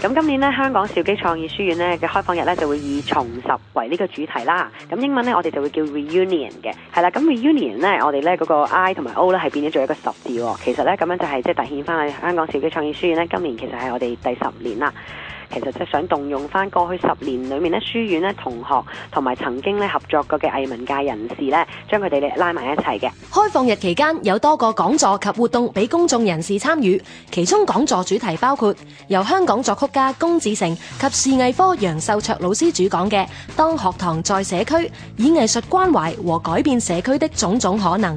咁今年咧，香港兆基創意書院咧嘅開放日咧就會以「重拾」為呢個主題啦。咁英文咧，我哋就會叫 reunion 嘅，係啦。咁 reunion 咧，我哋咧嗰個 I 同埋 O 咧係變咗做一個十字，哦。其實咧咁樣就係、係、即係凸顯翻係香港兆基創意書院咧，今年其實係我哋第十年啦。其實即係想動用翻過去十年裏面咧書院咧同學同埋曾經咧合作過嘅藝文界人士咧，將佢哋咧拉埋一齊嘅。開放日期間有多個講座及活動俾公眾人士參與，其中講座主題包括由香港作曲家龔志成及視藝科楊秀卓老師主講嘅《當學堂在社區：以藝術關懷和改變社區的種種可能》。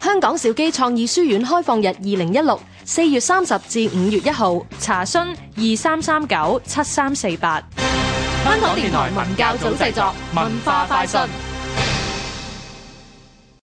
香港小基創意書院開放日，二零一六四月三十至五月一號，查詢二三三九七三四八。香港電台文教組製作，文化快訊。